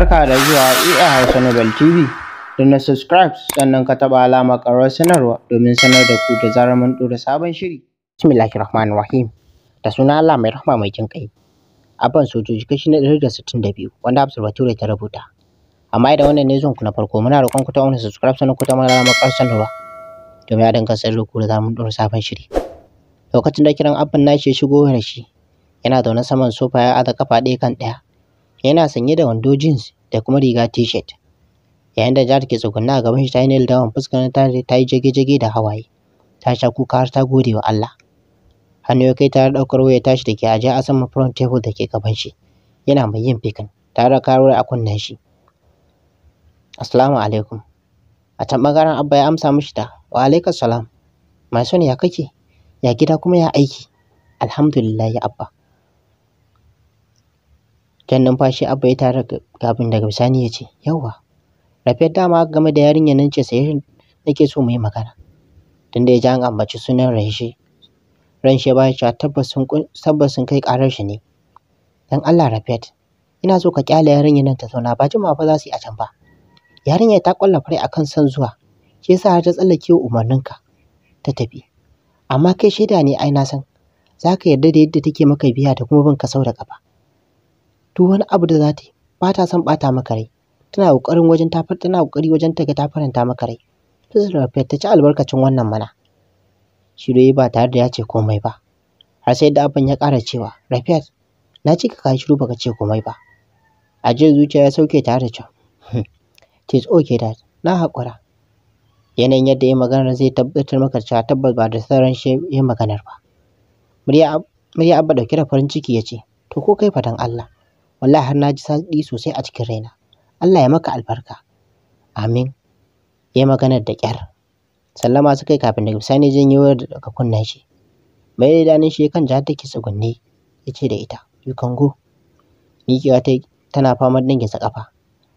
Barka da zuwa EA Hausa Nobel TV. Da na subscribe sannan ka taɓa alama ƙarar sanarwa domin sanar da ku da zarar mun ɗora sabon shiri. Bismillahir Rahmanir Rahim. Da suna Allah mai rahma mai jin ƙai. Abban sojoji kashi na ɗari da sittin da biyu wanda observatory ta rubuta. Amma idan wannan ne zan ku na farko muna roƙon ku ta wani subscribe sannan ku ta mana alama ƙarar sanarwa domin ya dinga sanar da ku da zarar mun ɗora sabon shiri. Lokacin da kiran abban nashi ya shigo da shi yana zaune saman sofa ya aza kafa ɗaya kan ɗaya. yana sanye da wando jeans da kuma riga t-shirt yayin da jihar ke tsugunna a gaban shi ta yi nail down fuskar ta ta yi jage-jage da hawaye ta sha kuka har ta gode wa Allah hannu ya kai ta ɗaukar waya tashi da ke ajiye a saman front table da ke gaban shi yana mai yin fikin tare da karuwar a kunnen shi assalamu alaikum a can ɓangaren abba ya amsa mishi ta. wa alaikas salam mai son ya kake ya gida kuma ya aiki alhamdulillah ya abba Jan numfashi Abba ya tara kafin daga bisani ya ce, Yawwa, Rafiyar dama game da yarinyar nan ce sai nake so mu yi magana. da ya ji an ambaci sunan Rahishe, ran shi ba shi tabbas sun kai ƙarar shi ne. Dan Allah rafet ina so ka kyale yarinyar nan ta zauna ba jimawa ba za su yi a can ba. Yarinyar ta kwalla fure akan son zuwa, shi yasa har ta tsallake umarninka ta tafi. Amma kai shaida ne ai na san, za ka yarda da yadda take maka biya da kuma bin ka sau da kafa. duk wani abu da za ta yi ba ta son ɓata maka rai tana ƙoƙarin wajen ta tana ƙoƙari wajen ta ga ta faranta maka rai Fizzle Rafet ta ci albarkacin wannan mana Shiru ba tare da ya ce komai ba har sai da abin ya ƙara cewa rafiat na ci ka shiru baka ce komai ba a jiya zuciya ya sauke tare da cewa hmm, tis okay dad na haƙura yanayin yadda ya maganar zai tabbatar maka cewa tabbas ba da sauran shi ya maganar ba murya abba ɗauke da farin ciki ya ce to ko kai fadan Allah wallahi har na ji sadi sosai a cikin raina Allah ya maka albarka amin yayi maganar da kyar sallama suka kai kafin da bisani janye wayar da daga kunnen shi mai da danin shi kan jihar take tsugunne yace da ita you can go ta tana fama da sa kafa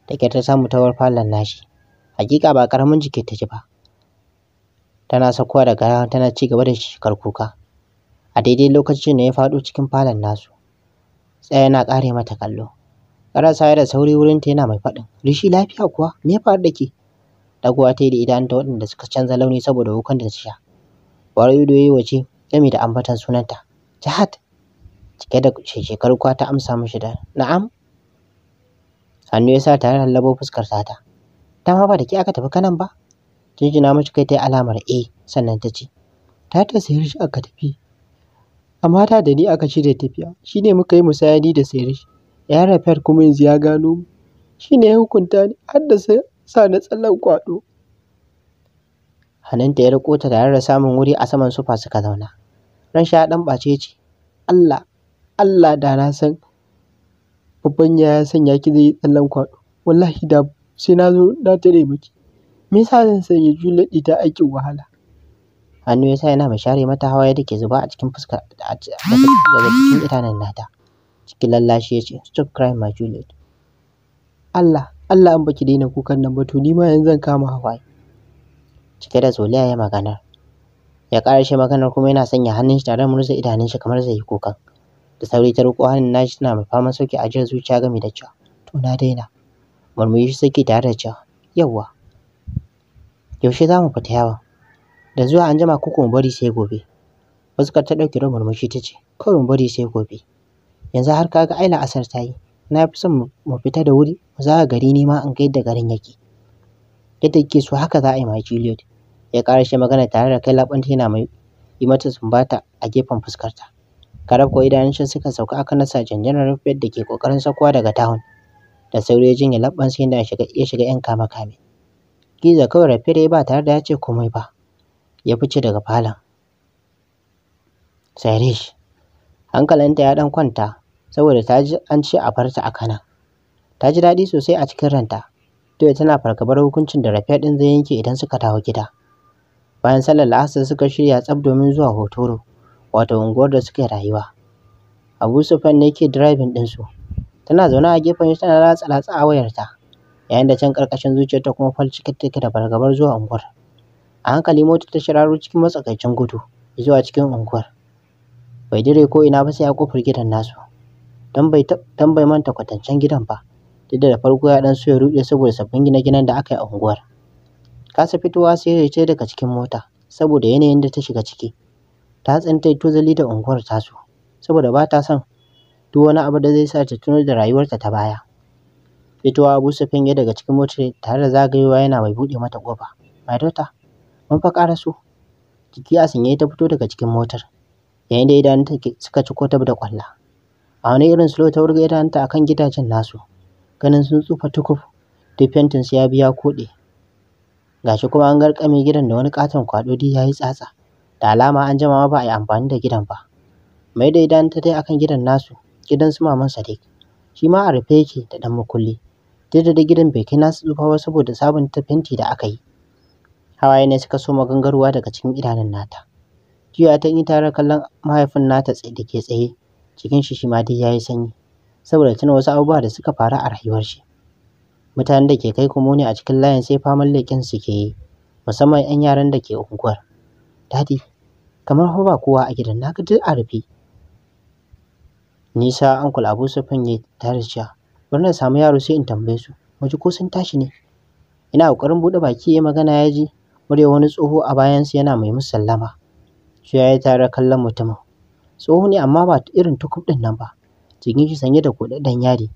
da kyar ta samu tawar falon nashi hakika ba karamin jiki ta ji ba tana sakuwa daga tana ci gaba da shi kuka a daidai lokacin da ya faɗo cikin falon nasu tsaya yana ƙare mata kallo. Ƙarasawa da sauri wurin ta yana mai faɗin, Rishi lafiya kuwa, me ya faru da ke? Dagowa ta yi da idanunta waɗanda suka canza launi saboda wukan da ta sha. Wari ido ya waje, gami da ambatan sunanta. Jihad! Cike da shekaru kwa ta amsa mishi da, Na'am? Hannu ya sa tare da lallabo fuskar sata. Ta ma ba da ke aka tafi kanan ba? Jinjina mashi kai ta yi alamar A eh, sannan ta ce, Ta ta sayar shi aka tafi. Amma da da ni aka shirya tafiya, shi ne muka yi musaya ni da shi. Ya rafiyar kuma yanzu ya gano mu. Shi ne ya hukunta ni har da sa na tsallen kwaɗo. Hannunta ya riƙo ta tare da samun wuri a saman sufa suka zauna. Ran sha ɗan ɓace ce. Allah, Allah da na san babban ya sanya ki zai yi tsallen kwaɗo. Wallahi da sai na zo na tare miki. Me yasa zan sanya Juliet ta aikin wahala? hannu ya sa yana mai share mata hawaye da ke zuba a cikin fuska daga cikin idanun nata cikin lallashi ya ce stop crying my Juliet Allah Allah an baki daina kukan nan ba to ni ma yanzu zan kama hawa cike da zoliya ya magana ya karashe maganar kuma yana sanya hannun shi tare da murza idanun shi kamar zai yi kukan da sauri ta riko hannun nashi tana mai fama sauki a jin zuciya game da cewa to na daina murmushi saki tare da cewa yawwa yaushe za mu fita yawa? da zuwa an jima kuku mu bari sai gobe Muskar ta ɗauki robar mushi ta ce kawai mu bari sai gobe yanzu har kaga aila asar ta yi na fi son mu fita da wuri mu zaga gari ni ma in ga yadda garin yake yadda ke so haka za a yi ma Juliet ya shi magana tare da kai labanta yana mai yi mata sumbata a gefen fuskarta karab ko idanunsa suka sauka aka nasa janjanar rufiyar da ke kokarin sakuwa daga tahun da sauri ya jinya labban sai da ya shiga yan kama kame giza kawai rafiyar ya ba tare da ya ce komai ba ya fice daga falon. Sairish, hankalinta ya ɗan kwanta saboda ta ji an ce a farta a kana. Ta ji daɗi sosai a cikin ranta, to tana fargabar hukuncin da rafiya ɗin zai yanke idan suka dawo gida. Bayan sallar la'asar suka shirya tsab domin zuwa Hotoro, wato unguwar da suke rayuwa. Abu Sufyan ne ke direbin ɗinsu. Tana zaune a gefen shi tana latsa latsa a wayarta, yayin da can ƙarƙashin zuciyarta kuma fal take da fargabar zuwa unguwar. A hankali motar ta shiraro cikin matsakaicin gudu zuwa cikin unguwar. Bai dire ko ina ba sai ya kofar gidan nasu. Dan bai manta kwatancen gidan ba. Duk da farko ya dan so ya ruɗe saboda sabbin gina ginen da aka yi a unguwar. Kasa fitowa sai ya ce daga cikin mota saboda yanayin da ta shiga ciki. Ta tsinta tozali da unguwar tasu saboda ba ta son duk wani abu da zai sa ta tuno da rayuwarta ta baya. Fitowa Abu Sufyan ya daga cikin motar tare da zagayowa yana mai buɗe mata kofa My daughter, mun fa so Jiki a sanye ta fito daga cikin motar, yayin da idanunta suka ci ta da ƙwalla. A wani irin slow ta wurga idanunta akan gidajen nasu, ganin sun tsufa tukuf, duk fentin su ya biya koɗe. Gashi kuma an garƙame gidan da wani ƙaton kwaɗo duk yayi tsatsa, da alama an jima ba a yi amfani da gidan ba. Mai da idanunta dai akan gidan nasu, gidan su maman Sadiq. Shi ma a rufe yake da ɗan makulli. Duk da gidan bai kai nasu tsufa ba saboda sabunta fenti da aka yi. hawaye ne suka soma gangarwa daga cikin idanun nata juya ta yi tare kallon mahaifin nata da ke tsaye cikin shi shi ma dai yayi sanyi saboda tuna wasu abubuwa da suka faru a rayuwar shi mutanen da ke kai kuma ne a cikin layin sai faman leƙen su ke yi musamman 'yan yaran da ke unguwar dadi kamar fa ba kowa a gidan na duk a rufe nisa Uncle abu sufin ya tare cewa bari na samu yaro sai in tambaye su waje ko sun tashi ne ina ƙoƙarin buɗe baki ya magana ya ji murya wani tsoho a bayansu yana mai musu sallama. Juya ya tare kallon mutumin. Tsoho ne amma ba irin tukub ɗin nan ba. Jikin shi sanye da kuɗaɗɗen yari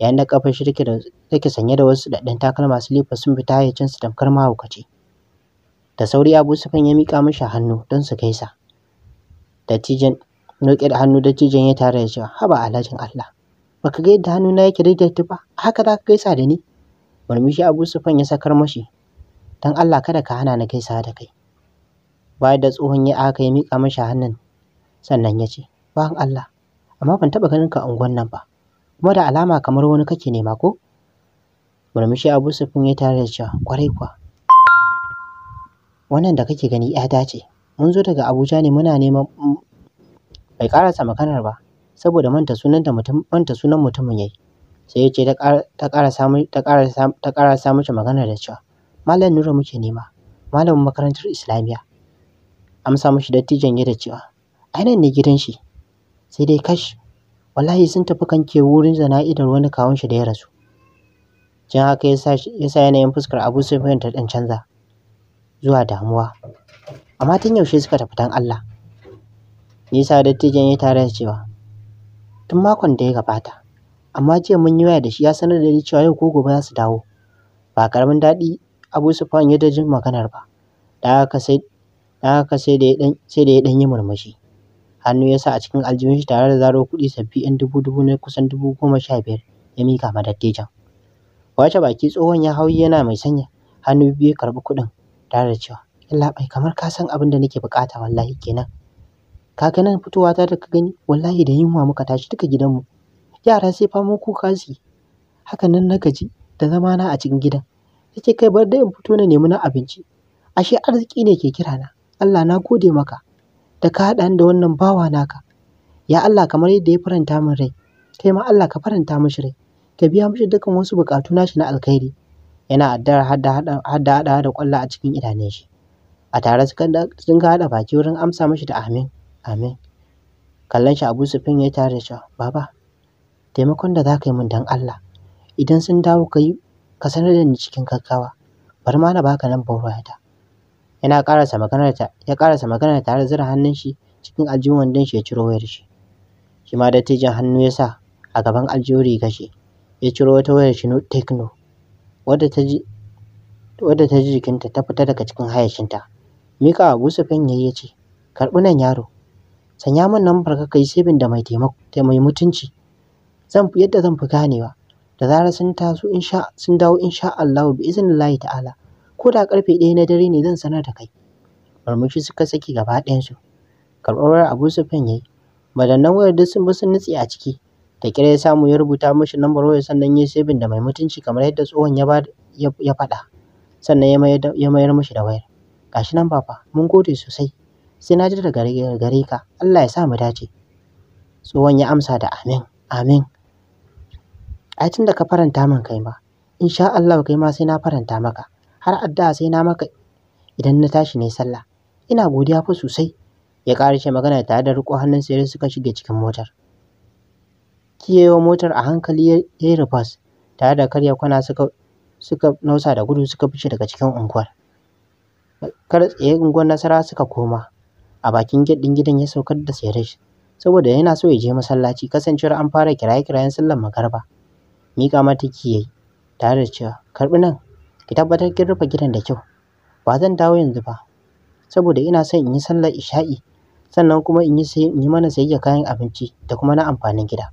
Yayin da kafar shi take take sanye da wasu daɗin takalma silifa sun fita su tamkar mahaukaci. Da sauri Abu Sufyan ya miƙa mishi hannu don su gaisa. cijin, noƙe da hannu da cijin ya tare da cewa haba alhajin Allah. Baka ga yadda hannuna yake daidaita ba haka za ka gaisa da ni? Murmushi Abu Sufyan ya sakar mashi don Allah kada ka hana ni sa da kai bayan da tsohon ya aka ya miƙa mashi hannun sannan ya ce bayan Allah amma ban taɓa ganin ka a unguwan nan ba kuma da alama kamar wani kake nema ko murmushi Abu Sufyan ya tare da cewa kwarai kuwa wannan da kake gani ya dace mun zo daga Abuja ne muna neman bai karasa maganar ba saboda manta sunan da mutum manta sunan mutumin yayi sai ya ce ta ƙara ta ƙara ta ƙara ta ƙara maganar da cewa Malam Nura muke nema, malamin makarantar Islamiyya. Amsa mashi dattijan ya da cewa, ai nan ne gidan shi. Sai dai kash, wallahi sun tafi kanke wurin zana'idar wani kawun shi da ya rasu. Jan haka ya sa yanayin fuskar Abu Sufyan ta ɗan canza zuwa damuwa. Amma tun yaushe suka tafi dan Allah. Nisa dattijan ya tare da cewa, tun makon da ya gabata, amma jiya mun yi waya da shi ya sanar da ni cewa yau ko gobe za su dawo. Ba karamin daɗi Abu Sufyan ya jin maganar ba, da haka sai da haka sai da ya dan sai da ya dan yi murmushi. Hannu ya sa a cikin aljihun shi tare da zaro kuɗi sabbi ‘yan dubu dubu na kusan dubu goma sha biyar ya mika ma dattijan. Wace baki tsohon ya hau yana mai sanya hannu biyu ya karɓi kuɗin tare da cewa bai kamar ka san abin da nake buƙata wallahi kenan. Ka ga nan fitowa ta da ka gani wallahi da yunwa muka tashi duka gidanmu. Yara sai famo kuka su Haka nan na gaji da zamana a cikin gidan. yake kai bar dai in fito na nemi na abinci. Ashe arziki ne ke kira na. Allah na gode maka da ka haɗa ni da wannan bawa naka. Ya Allah kamar yadda ya faranta min rai, kai ma Allah ka faranta mishi rai. Ka biya mishi dukkan wasu buƙatu nashi na alkhairi. Yana addu'ar hada, haɗawa da ƙwallo a cikin idanun shi. A tare sun ka haɗa baki wurin amsa mishi da amin, amin. Kallon shi Abu Sufyan ya tare da cewa, Baba, taimakon da za ka yi min don Allah, idan sun dawo ka yi ka sanar da ni cikin gaggawa bari ma na baka lambar wayata yana karasa maganar ta ya karasa maganar tare zura hannun shi cikin aljihun wandon shi ya ciro wayar shi shi ma dattijan hannu ya sa a gaban aljihun riga shi ya ciro wata wayar shi tekno. wadda ta ji wadda ta ji jikinta ta fita daga cikin hayashinta. mika abu sufin yayi ya ce karɓi nan yaro sanya min lambar ka kai sabin da mai taimako mai mutunci zan yadda zan fi ganewa da zarar sun taso sun dawo insha Allah bi iznillahi ta'ala ko da karfe ɗaya na dare ne zan sanar da kai murmushi suka saki gaba ɗayansu karɓar wayar Abu Sufyan yayi madannan wayar duk sun bi sun nutse a ciki da kira ya samu ya rubuta mishi lambar wayar sannan ya sabin da mai mutunci kamar yadda tsohon ya ya faɗa sannan ya mayar mashi mayar da wayar gashi nan baba mun gode sosai sai na ji daga gare ka Allah ya sa mu dace tsohon ya amsa da amin amin ai da ka faranta min kai ma insha Allah, kai ma sai na faranta maka har addu'a sai na maka idan na tashi ne sallah ina godiya fa sosai ya shi magana tare da riko hannun sai suka shige cikin motar kiyewa motar a hankali ya yi rufas tare da karya kwana suka suka nausa da gudu suka fice daga cikin unguwar kar tsaye unguwar nasara suka koma a bakin gidin gidan ya saukar da sayarish saboda yana so ya je masallaci kasancewar an fara kiraye-kirayen sallar magarba. miƙa mata ki yayi tare da cewa karɓi nan ki tabbatar kin rufe gidan da kyau ba zan dawo yanzu ba saboda ina son in yi sallar isha'i sannan kuma in yi mana sayayya kayan abinci da kuma na amfanin gida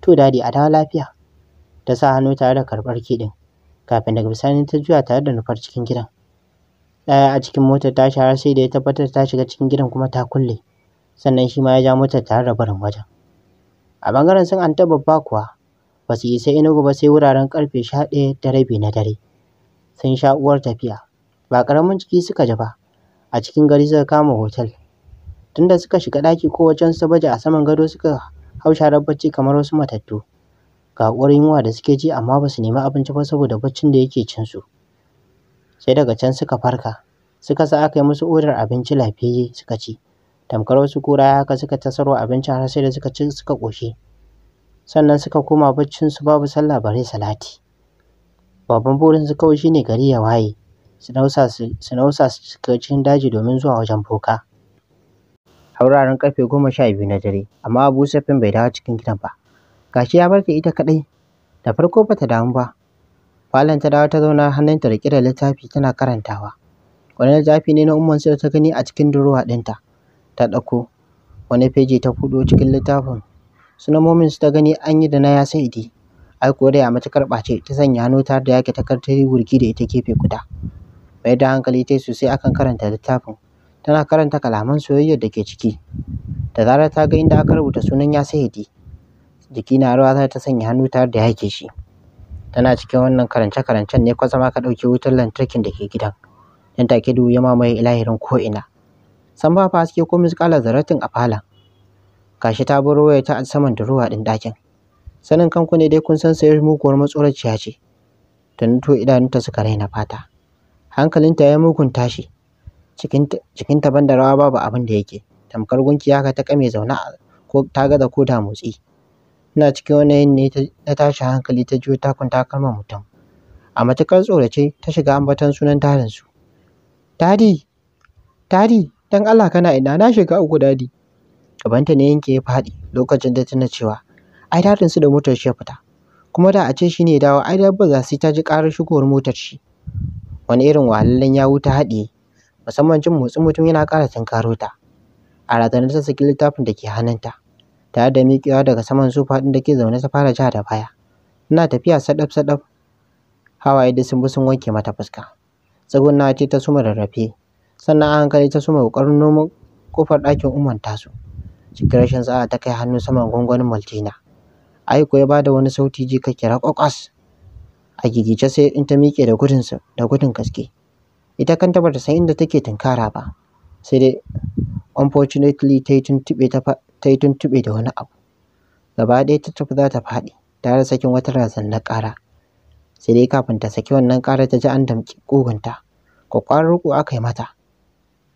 to dadi a dawo lafiya ta sa hannu tare da karɓar kiɗin kafin daga bisani ta juya tare da nufar cikin gidan ɗaya a cikin motar ta shara sai da ya tabbatar ta shiga cikin gidan kuma ta kulle sannan shi ma ya ja motar tare da barin wajen a bangaren sun an ta babba kuwa ba su isa Enugu ba sai wuraren ƙarfe sha ɗaya da rabi na dare. Sun sha uwar tafiya, ba ƙaramin ciki suka ji ba, a cikin gari suka kama hotel. Tunda suka shiga ɗaki wajen su baje a saman gado suka hau sharar bacci kamar wasu matattu. Ga uwar yunwa da suke ji amma ba su nemi abinci ba saboda baccin da yake cin su. Sai daga can suka farka, suka sa aka yi musu odar abinci lafiyayye suka ci. Tamkar wasu kura haka suka tasarwa abincin har sai da suka ci suka ƙoshi. sannan suka koma su babu sallah bare salati babban burinsu kawai shine gari ya waye su nausa su shiga cikin daji domin zuwa wajen boka hauraren karfe goma sha biyu na dare amma abu safin bai dawo cikin gidan ba gashi ya barke ita kadai da farko bata damu ba falon ta dawo ta zauna hannunta riƙe da littafi tana karantawa wani littafi ne na umman sai ta gani a cikin durowa ɗinta ta ɗauko wani feji ta fudo cikin littafin Sunan su ta gani an yi da na ya sai idi. Ai kuwa da ya matukar ɓace ta sanya hannu tare da yake takardar wurgi da ita gefe guda. Mai da hankali ta sosai akan karanta littafin. Tana karanta kalaman soyayyar da ke ciki. Da zarar ta ga inda aka rubuta sunan ya sai idi. Jiki na rawa za ta sanya hannu tare da yake shi. Tana cikin wannan karance-karancen ne kwatsama ka ɗauki wutar lantarkin da ke gidan. Nan take duhu ya mamaye ilahirin ko'ina. San ba fa haske ko miskalar zaratin a falon. gashi ta bar wayar ta a saman durowa ɗin ɗakin sanin kanku ne dai kun san sai muguwar matsoraciya ce ta nuto idanunta suka raina fata hankalinta ya mugun tashi cikinta ban da rawa babu abin da yake tamkar gunkiya ka ta kame zaune ko ta gaza ko da motsi ina cikin wani yin ne na tashi hankali ta jiyo takun takalman mutum a matukar tsorace ta shiga ambaton sunan tarinsu. su dadi dadi dan Allah kana ina na shiga uku dadi Gabanta ne yanke ya faɗi lokacin da tuna cewa ai dadin su da motar shi ya fita. Kuma da a ce shi ne dawo ai dabba za su ta ji ƙarar shigowar motar shi. Wani irin wahalallen yawu ta haɗiye musamman jin motsin mutum yana ƙara tunkaro ta. A razanar ta saki littafin da ke hannunta tare da miƙewa daga saman sofa ɗin da ke zaune ta fara ja da baya. Tana tafiya saɗaf-saɗaf hawaye da sun bi sun wanke mata fuska. Tsagunna ce ta suma rarrafe sannan a hankali ta suma ƙoƙarin nemo kofar ɗakin ta tasu. cikin rashin tsara ta kai hannu saman gwangwanin maltina Aiko ya ya bada wani sauti ji ka kira kwakwas a gigice sai in ta miƙe da gudun da gudun gaske ita kanta bata san inda take tunkara ba sai dai unfortunately ta yi tuntuɓe ta yi tuntuɓe da wani abu gaba ɗaya ta tafi za ta faɗi tare da sakin wata na ƙara sai dai kafin ta saki wannan ƙara ta ji an damƙi ƙugunta kwakwaran riƙo aka yi mata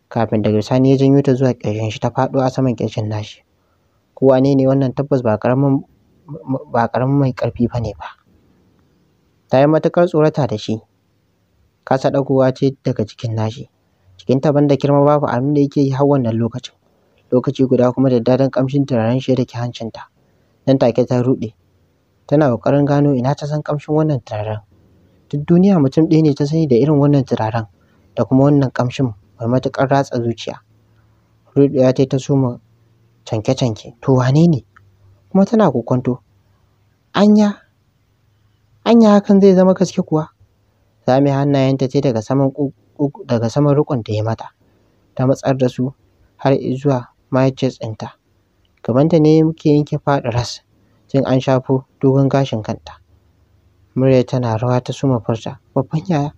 kafin daga bisani ya janyo ta zuwa ƙirshen shi ta faɗo a saman ƙirshin nashi ko wane ne wannan tabbas ba ƙaramin ba ƙaramin mai ƙarfi ba ne ba ta yi matuƙar tsorata da shi kasa ɗagowa ce daga cikin nashi cikin jikinta banda kirma babu abin da yake yi har wannan lokacin lokaci guda kuma da dadan ƙamshin turaren shi da ke hancinta nan take ta ruɗe tana ƙoƙarin gano ina ta san ƙamshin wannan turaren duk duniya mutum ɗaya ne ta sani da irin wannan turaren da kuma wannan ƙamshin mai matuƙar ratsa zuciya. Ruɗewa ta ta soma canke-canke, to wane ne? Kuma tana kokonto. Anya, anya hakan zai zama gaske kuwa? zami hannayenta ce daga saman daga saman rukun da ya mata. Ta matsar da su har zuwa mahaifiyar ɗinta. Gabanta ne muke yanke faɗi ras, jin an shafo dogon gashin kanta. Murya tana rawa ta suma furta, babban yaya.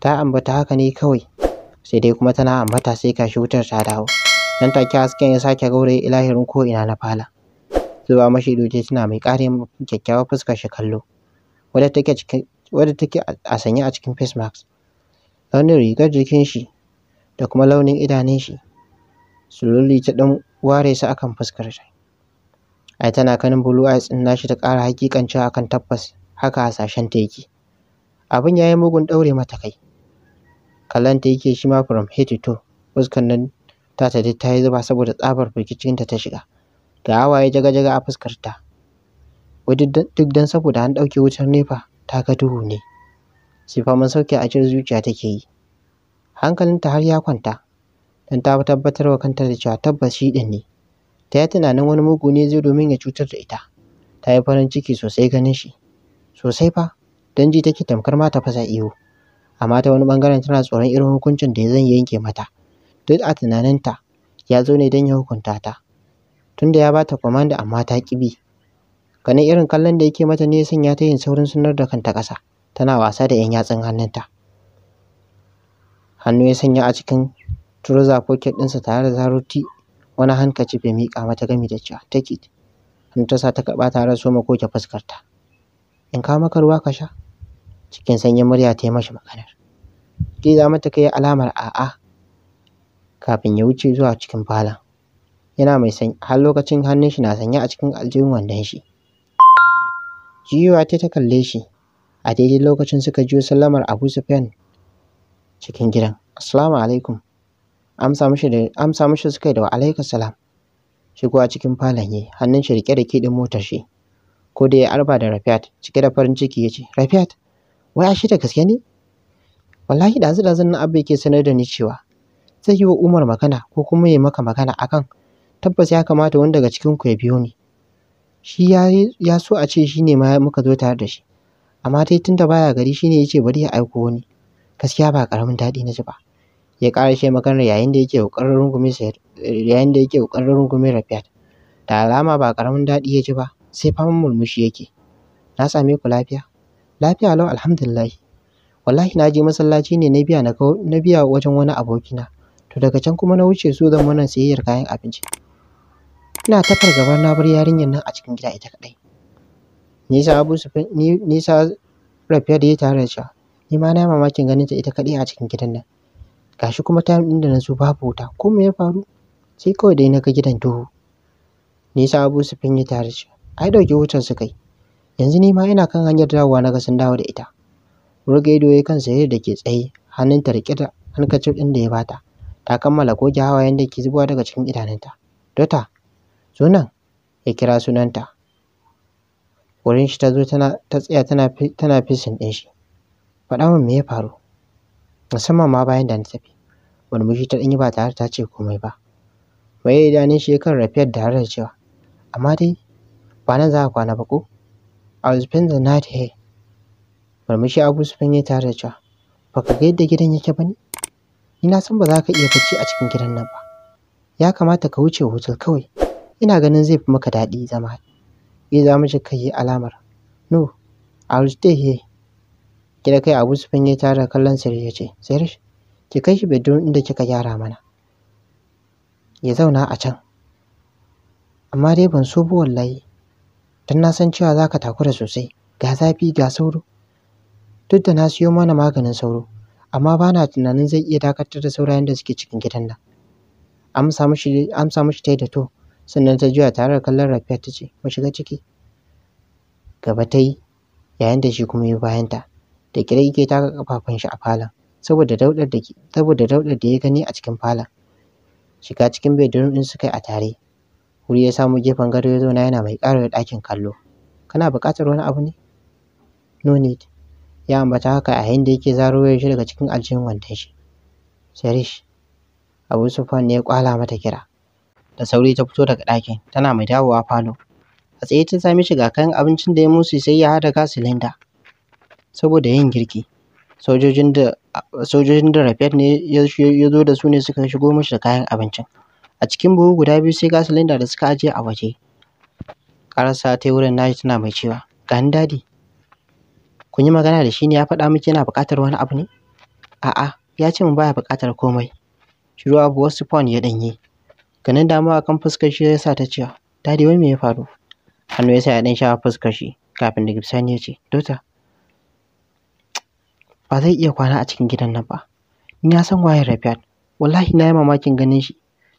Ta ambata haka ne kawai. sai dai kuma tana ambata sai kashi wutar ta dawo nan take hasken ya sake gaure ilahirin ko ina na fala Zuwa mashi ido tana mai ƙarin kyakkyawa fuskar shi kallo wadda take cikin wadda take a sanye a cikin face mask launin rigar jikin shi da kuma launin idanun shi sululi ta dan ware su akan fuskar shi ai tana kanin blue eyes din nashi ta ƙara hakikanci akan tabbas haka hasashen ta yake abin yayi mugun daure mata kai kallanta yake shi ma from head to toe fuskar nan ta ta ta yi zuba saboda tsabar firgicinta ta shiga ga hawaye jaga-jaga a fuskarta duk dan saboda an ɗauke wutar nefa ta ga duhu ne sifaman sauke a cikin zuciya take yi hankalinta har ya kwanta Dan ta tabbatar wa kanta da cewa tabbas shi ɗin ne ta yi tunanin wani mugu ne zai domin ya cutar da ita ta yi farin ciki sosai ganin shi sosai fa don ji take tamkar ma ta fasa iyo amma ta wani bangaren tana tsoron irin hukuncin da zan yanke mata duk a tunaninta ya zo ne don ya hukunta ta tunda ya bata kwamanda amma ta kibi ganin irin kallon da yake mata ne ya sanya ta yin saurin sunar da kanta ƙasa tana wasa da yan yatsun hannunta hannu ya sanya a cikin turuza ko ɗinsa tare da zaroti wani hankaci bai miƙa mata gami da cewa take ta sa ta karɓa tare da soma koke fuskarta in kawo maka ruwa ka sha cikin sanyin murya ta yi mashi maganar girgiza mata kai alamar a'a kafin ya wuce zuwa cikin falon yana mai san har lokacin hannun shi na sanye a cikin aljihun wandon shi jiyowa ta ta kalle shi a daidai lokacin suka jiyo sallamar Abu Sufyan cikin gidan assalamu alaikum amsa mishi da amsa mishi suka da alaikum salam shigowa cikin falon yi, hannun shi rike da kidin motar shi ko da ya arba da Rafiat cike da farin ciki ya ce Rafiat wai ashe da gaske ne wallahi da da nan abba yake sanar da ni cewa zai yi wa Umar magana ko kuma ya maka magana akan tabbas ya kamata wanda daga cikin ku ya biyo ni shi ya so a ce shine ma muka zo tare da shi amma dai tunda baya gari shine yace bari ya aiko wani gaskiya ba karamin daɗi na ji ba ya ƙara shi maganar yayin da yake kokarin rungume yayin da yake ƙoƙarin rungume Rafiat da alama ba karamin daɗi ya ji ba sai faman murmushi yake na same ku lafiya Lafiya lau alhamdulillah. Wallahi na je masallaci ne na biya na biya wajen wani abokina. To daga can kuma na wuce su zan wannan sayayyar kayan abinci. Ina ta fargaba na bar yarinyar nan a cikin gida ita kaɗai. Nisa Abu ni nisa Rafiya da ya tare da ni ma na yi mamakin ganin ta ita kaɗai a cikin gidan nan. Gashi kuma ta ɗin da na zo babu wuta ko me ya faru? Sai kawai dai na ga gidan duhu. Nisa Abu Sufyan ya tare da shi. ai ɗauki wutar su kai. Yanzu ni ma ina kan hanyar dawowa na ga sun dawo da ita. Wurga ido yi kan yadda da ke tsaye, hannunta riƙe da hankacin ɗin da ya bata. Ta kammala goge hawayen da ke zubowa daga cikin idanunta. "Dota, zo nan!" ya kira sunanta. Wurin shi ta zo tana ta tsaya tana tana facing ɗin shi. "Faɗa min me ya faru?" Musamman ma bayan da na tafi. Murmushi ta ɗan yi ba tare ta ce komai ba. Maye idanun shi ya kan Rafiyat da da cewa, "Amma dai ba nan za ka kwana ba ko?" I'll spend the night here. Marmashi Abu Sufyan ya tare da cewa, ka ga yadda gidan yake ba ne? na san ba za ka iya bacci a cikin gidan nan ba. Ya kamata ka wuce hotel kawai. Ina ganin zai fi maka daɗi zama. Ya za mu ka yi alamar. No, I'll stay here. Gida kai Abu Sufyan ya tare da kallon Sirri ya ce, Sirri, ki kai shi bedroom inda kika gyara mana. Ya zauna a can. Amma dai ban so ba wallahi. don na san cewa za ka takura sosai ga zafi ga sauro duk da na siyo mana maganin sauro amma ba na tunanin zai iya dakatar da saurayen da suke cikin gidan nan amsa mishi ta yi da to sannan ta juya tare da kallon rafiya ta ce mu shiga ciki gaba ta yi yayin da shi kuma ya bayanta da kira yake taka kafafun shi a falon saboda daudar da saboda daudar da ya gani a cikin falon shiga cikin bedroom din suka yi a tare Wuri ya samu gefen gado ya zauna yana mai ƙara da ɗakin kallo. Kana buƙatar wani abu ne? No need. Ya ambata haka a yayin da yake zaro wayar shi daga cikin aljihun wandon shi. Sarish. Abu Sufan ne ya kwala mata kira. Da sauri ta fito daga ɗakin, tana mai dawowa falo. A tsaye ta sami shi ga kayan abincin da ya musu sai ya haɗa gas silinda. Saboda yin girki, sojojin da sojojin da Rafet ne ya zo da su ne suka shigo mashi da kayan abincin. a cikin buhu guda biyu sai ga silinda da suka ajiye a waje. Ƙarasa ta wurin nashi tana mai cewa, gani dadi, kun yi magana da shi ne ya faɗa miki yana buƙatar wani abu ne? A'a, ya ce min baya buƙatar komai. Shiru abu wasu phone ya ɗanye. Ganin damuwa kan fuskar shi ya sa ta cewa, dadi wai me ya faru? Hannu ya sa ya ɗan sha fuskar shi kafin da gibsani ya ce, Dota, ba zai iya kwana a cikin gidan nan ba. Ni na san waye Rabiat, wallahi na yi mamakin ganin shi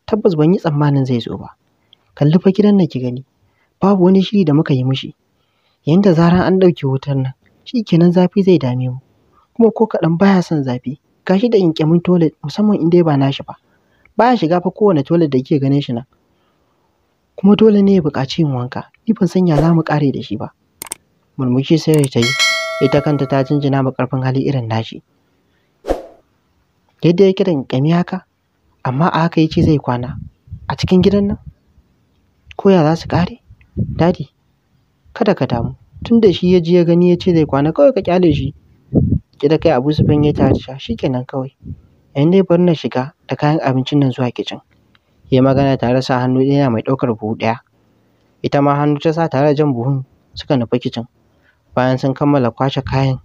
tabbas ban yi tsammanin zai zo ba. Kalli fa gidan nan ki gani, babu wani shiri da muka yi mishi. yanda zaran an ɗauki wutar nan, shi kenan zafi zai dame mu. Kuma ko kaɗan baya son zafi, gashi da ƙyanƙyamin toilet musamman in dai ba nashi ba. Baya shiga fa kowane toilet da kike ganin shi nan. Kuma dole ne ya buƙaci yin wanka, ni ban san za mu kare da shi ba. Murmushi sai ta yi, ita kanta ta jinjina ma ƙarfin hali irin nashi. Yadda ya kiran ƙyami haka, amma a haka ya ce zai kwana a cikin gidan nan ko ya za su ƙare dadi kada ka damu tun da shi ya ji ya gani ya ce zai kwana kawai ka kyale shi ki da kai abu sufan ya tashi ah, shi kenan kawai yan dai bar na shiga da kayan abincin nan zuwa kicin ya magana tare sa hannu ɗaya mai ɗaukar buhu ɗaya ita ma hannu ta sa tare jan buhun suka nufi kicin bayan sun kammala kwashe kayan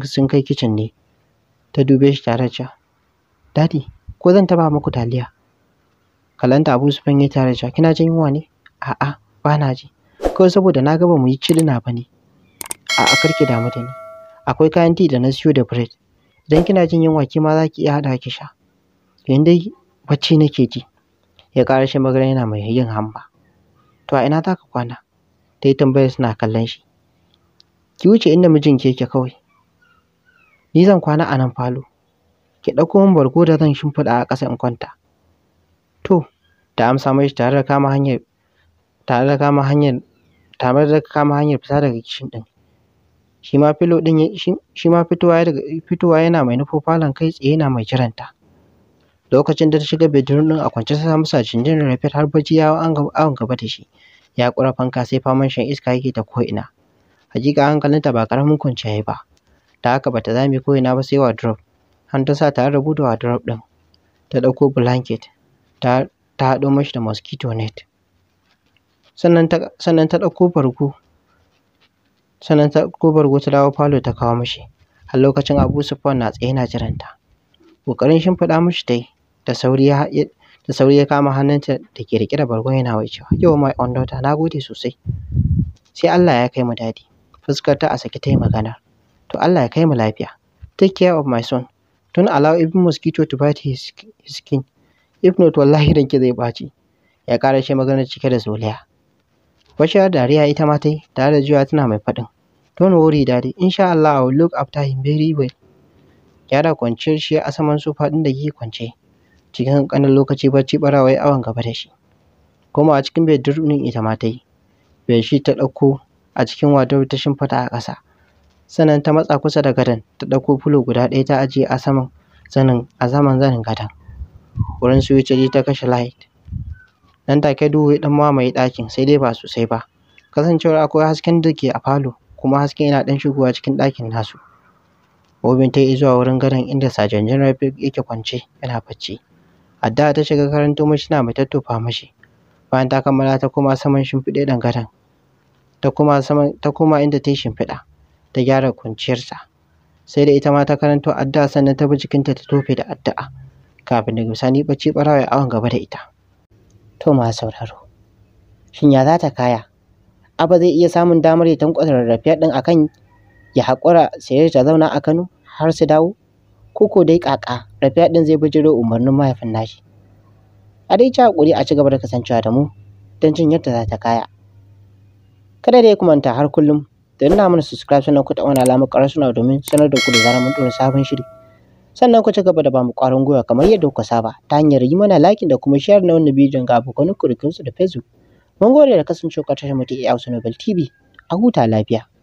sun kai kicin ne ta dube shi tare da dadi ko zan taba muku taliya kalanta Abu Sufyan ya tare da kina jin yunwa ne a'a ba na ji kawai saboda na ga ba mu yi cilina ba ne a'a karki damu da ni akwai kayan ti da na siyo da bread idan kina jin yunwa ki ma zaki ki iya hada ki sha yanzu dai bacci nake ji ya ƙara shi magana yana mai yin hamba to a ina za kwana ta yi tambayar suna kallon shi ki wuce inda mijinki yake kawai ni zan kwana a nan falo ki ɗauko min bargo da zan shimfiɗa a ƙasa in kwanta. To, ta amsa mai tare da kama hanyar tare da kama hanyar tare da kama hanyar fita daga kishin ɗin. Shi filo ɗin shi ma fitowa daga fitowa yana mai nufo falon kai tsaye yana mai jiranta. Lokacin da ta shiga bedroom ɗin a kwance ta samu sacin jin rafet har bacci ya awon gaba da shi. Ya ƙura fanka sai faman shan iska yake ta ko'ina. Hakika hankalinta ba ƙaramin kwanciya ba. Da haka bata zame ina ba sai wardrobe. hannu ta sa tare da a wardrobe ɗin ta ɗauko blanket ta haɗo mashi da moskito net sannan ta ɗauko bargo sannan ta ɗauko bargo ta dawo falo ta kawo mashi a lokacin abu sufan na tsaye na jiranta ƙoƙarin shimfiɗa mashi dai da sauri ya da sauri ya kama hannunta da ke riƙe da bargon yana cewa yau my own daughter na gode sosai sai Allah ya kai mu dadi fuskarta a sake ta yi magana to Allah ya kai mu lafiya take care of my son Tun allow even mosquito to bite his, his skin. If not, wallahi ranki zai baci Ya ƙara shi maganar cike da zoliya. Bashar dariya ita ma ta tare da juya tana mai faɗin. Don't worry daddy, insha Allah I will look after him very well. da kwance shi a saman sofa ɗin da yake kwance. Cikin ƙanan lokaci bacci ɓarawa ya awan gaba da shi. Kuma a cikin bedroom din ita ma ta yi. shi ta ɗauko a cikin wardrobe ta shimfiɗa a ƙasa. sannan ta matsa kusa da gadon ta ɗauko fulo guda ɗaya ta ajiye a saman zanin a saman zanin gadon wurin su wuce ta kashe light nan take duhu ya ɗan mamaye ɗakin sai dai ba sosai ba kasancewar akwai hasken da ke a falo kuma hasken yana ɗan shigowa cikin ɗakin nasu Bobin ta yi zuwa wurin gadon inda Sajan General yake kwance yana bacci. Adda ta shiga karanto mashi na mai tattofa mashi. Bayan ta kammala ta koma saman shimfiɗe gadon. Ta koma ta koma inda ta yi shimfiɗa. ta gyara kwanciyarsa sai da ita ma ta karanto addu'a sannan ta bi jikinta ta tofe da addu'a kafin daga bisani bacci barawa ya awon gaba da ita to ma sauraro shin ya za ta kaya aba zai iya samun damar ya tankwasa rarrafiya din akan ya haƙura sai ta zauna a Kano har su dawo Ko dai ƙaƙa rafiya din zai bijiro umarnin mahaifin nashi a dai ci hakuri a ci gaba da kasancewa da mu don jin yadda za ta kaya kada dai kumanta har kullum da nuna mana subscribe sannan ku taɓa wani alamar ƙarar suna domin sanar da ku da zarar mun ɗora sabon shiri sannan ku ci gaba da bamu ƙwarin gwiwa kamar yadda kuka saba ta hanyar yi mana like da kuma share na wannan bidiyon ga abokan ku da facebook mun gode da kasancewa ta tashar mu ta Hausa bal TV a huta lafiya